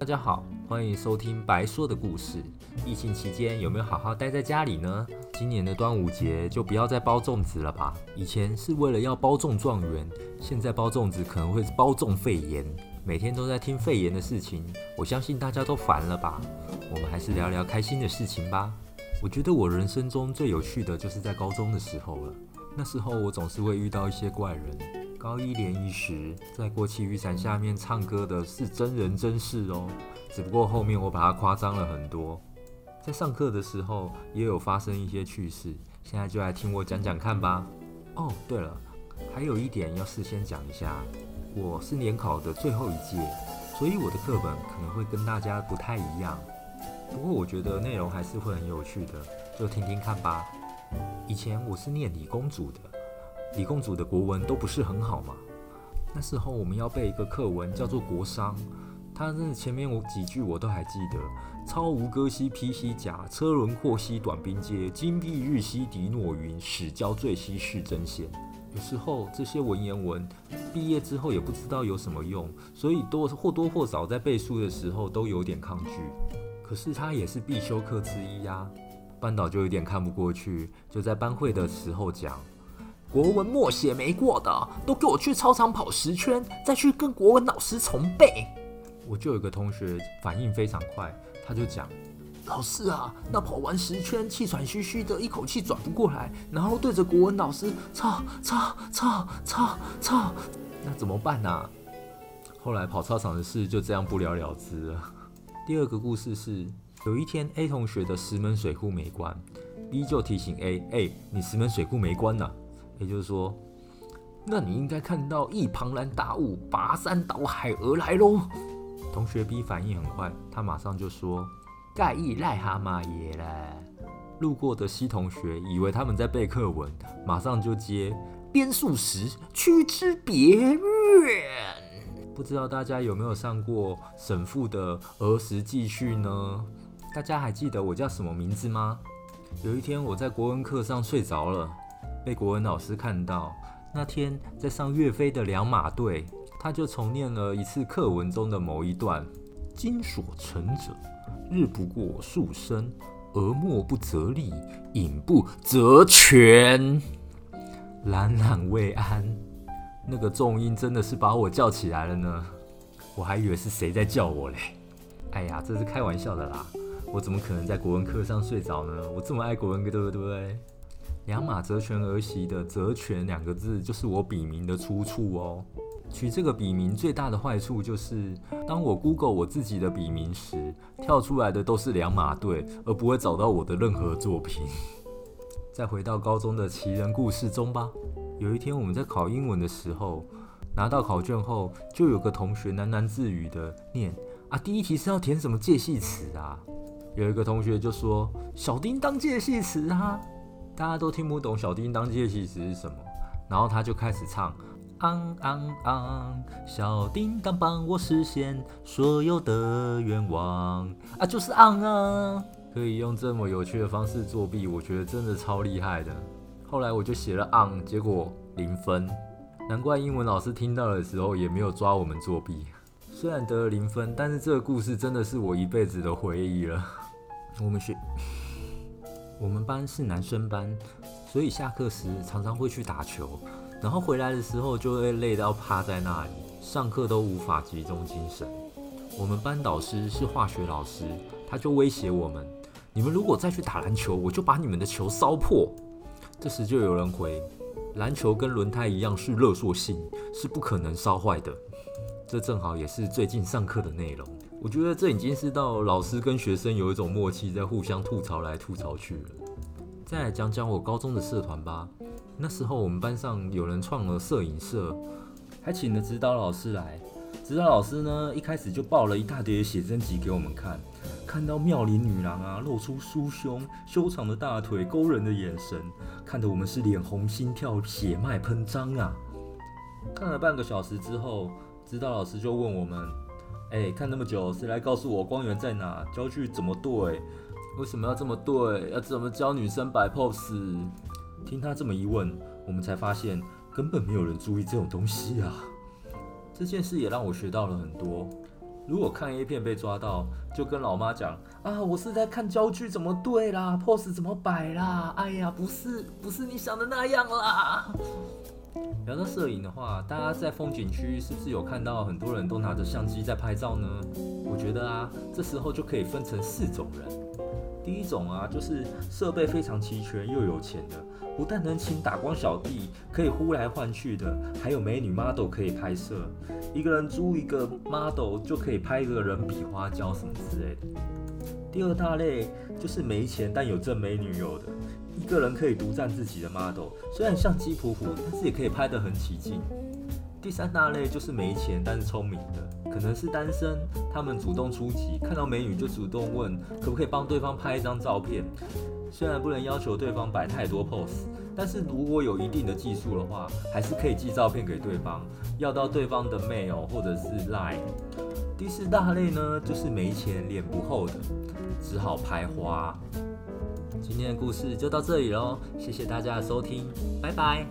大家好，歡迎收聽白說的故事。疫情期間有沒有好好待在家裡呢？今年的端午節就不要再包粽子了吧。以前是為了要包中狀元，現在包粽子可能會是包中肺炎。每天都在聽肺炎的事情，我相信大家都煩了吧。我們還是聊聊開心的事情吧。我覺得我人生中最有趣的就是在高中的時候了。那時候我總是會遇到一些怪人。高一聯誼時，在國旗雨傘下面唱歌的是真人真事哦，只不過後面我把它誇張了很多。在上課的時候也有發生一些趣事，現在就來聽我講講看吧。哦，對了，還有一點要事先講一下，我是聯考的最後一屆，所以我的課本可能會跟大家不太一樣。不過我覺得內容還是會很有趣的，就聽聽看吧。以前我是念李公主的。李公主的國文都不是很好嘛。那時候我們要背一個課文，叫做《國殤》。它真的前面我幾句我都還記得：“操吳戈兮披犀甲，車輪闊兮短兵接，金碧日兮敵若雲，矢交墜兮士爭先。”有時候這些文言文，畢業之後也不知道有什麼用，所以多或多或少在背書的時候都有點抗拒。可是它也是必修課之一呀。班導就有點看不過去，就在班會的時候講。國文默寫沒過的，都給我去操場跑十圈，再去跟國文老師重背。我就有個同學反應非常快，他就講：“老師啊，那跑完十圈，氣喘吁吁的，一口氣轉不過來，然後對着國文老師，操操操操操，那怎麼辦啊？”後來跑操場的事就這樣不了了之了。 第二個故事是，有一天 A 同學的石門水庫沒關，B 就提醒 A：“ 誒，你石門水庫沒關呢。”也就是說，那你應該看到一龐然大物拔山倒海而來嘍。同學 B 反應很快，他馬上就說：“蓋一癩蛤蟆也嘞！”路過的 C 同學以為他們在背課文，馬上就接：“鞭數十，驅之別院。”不知道大家有沒有上過沈復的兒時記敘呢？大家還記得我叫什麼名字嗎？有一天我在國文課上睡着了。被國文老師看到那天在上岳飛的《良馬對》，他就重念了一次課文中的某一段：“今所乘者，日不過數升；而秣不擇利，飲不擇泉。”懶懶未安，那個重音真的是把我叫起來了呢？我還以為是誰在叫我嘞？哎呀，這是開玩笑的啦！我怎麼可能在國文課上睡着呢？我這麼愛國文，對不對？兩馬擇全而騎的“擇全”兩個字，就是我筆名的出處哦。取這個筆名最大的壞處就是，當我 Google 我自己的筆名時，跳出來的都是兩馬隊，而不會找到我的任何作品。再回到高中的奇人故事中吧。有一天我們在考英文的時候，拿到考卷後，就有個同學喃喃自語的念：“啊，第一題是要填什麼介系詞啊？”有一個同學就說：“小叮噹介系詞啊。”大家都聽不懂小叮當的歌詞是什麼，然後他就開始唱昂 n g 小叮當幫我實現所有的願望啊，就是昂、嗯、啊，可以用這麼有趣的方式作弊，我覺得真的超厲害的。後來我就寫了昂、嗯》，結果零分，難怪英文老師聽到的時候也沒有抓我們作弊。雖然得了零分，但是這個故事真的是我一輩子的回憶了。我們學。我們班是男生班，所以下課時常常會去打球，然後回來的時候就會累到趴在那裡，上課都無法集中精神。我們班導師是化學老師，他就威脅我們：“你們如果再去打籃球，我就把你們的球燒破。”這時就有人回：“籃球跟輪胎一樣是熱塑性，是不可能燒壞的。”這正好也是最近上課的內容。我覺得這已經是到老師跟學生有一種默契，在互相吐槽來吐槽去了。再來講講我高中的社團吧。那時候我們班上有人創了攝影社，還請了指導老師來。指導老師呢，一開始就抱了一大疊寫真集給我們看，看到妙齡女郎啊，露出酥胸、修長的大腿、勾人的眼神，看得我們是臉紅、心跳、血脈噴張啊。看了半個小時之後，指導老師就問我們，哎，看那麼久，誰來告訴我光源在哪？焦距怎麼對？為什麼要這麼對？要怎麼教女生擺 pose？聽他這麼一問，我們才發現根本沒有人注意這種東西啊！這件事也讓我學到了很多。如果看 A 片被抓到，就跟老媽講啊，我是在看焦距怎麼對啦，pose 怎麼擺啦。哎呀，不是，不是你想的那樣啦。聊到攝影的話，大家在風景區是不是有看到很多人都拿着相機在拍照呢？我覺得啊，這時候就可以分成四種人。第一種啊，就是設備非常齊全又有錢的，不但能請打光小弟，可以呼來喚去的，還有美女 model 可以拍攝，一個人租一個 model 就可以拍一個人比花嬌什麼之類的。第二大類就是沒錢但有正美女友的。一個人可以獨佔自己的 model，雖然相機普普，但是也可以拍得很起勁。第三大類就是沒錢但是聰明的，可能是單身，他們主動出擊，看到美女就主動問可不可以幫對方拍一張照片。雖然不能要求對方擺太多 pose，但是如果有一定的技術的話，還是可以寄照片給對方，要到對方的 mail 或者是 line。第四大類呢，就是沒錢臉不厚的，只好拍花。今天的故事就到這裡嘍，謝謝大家的收聽，拜拜。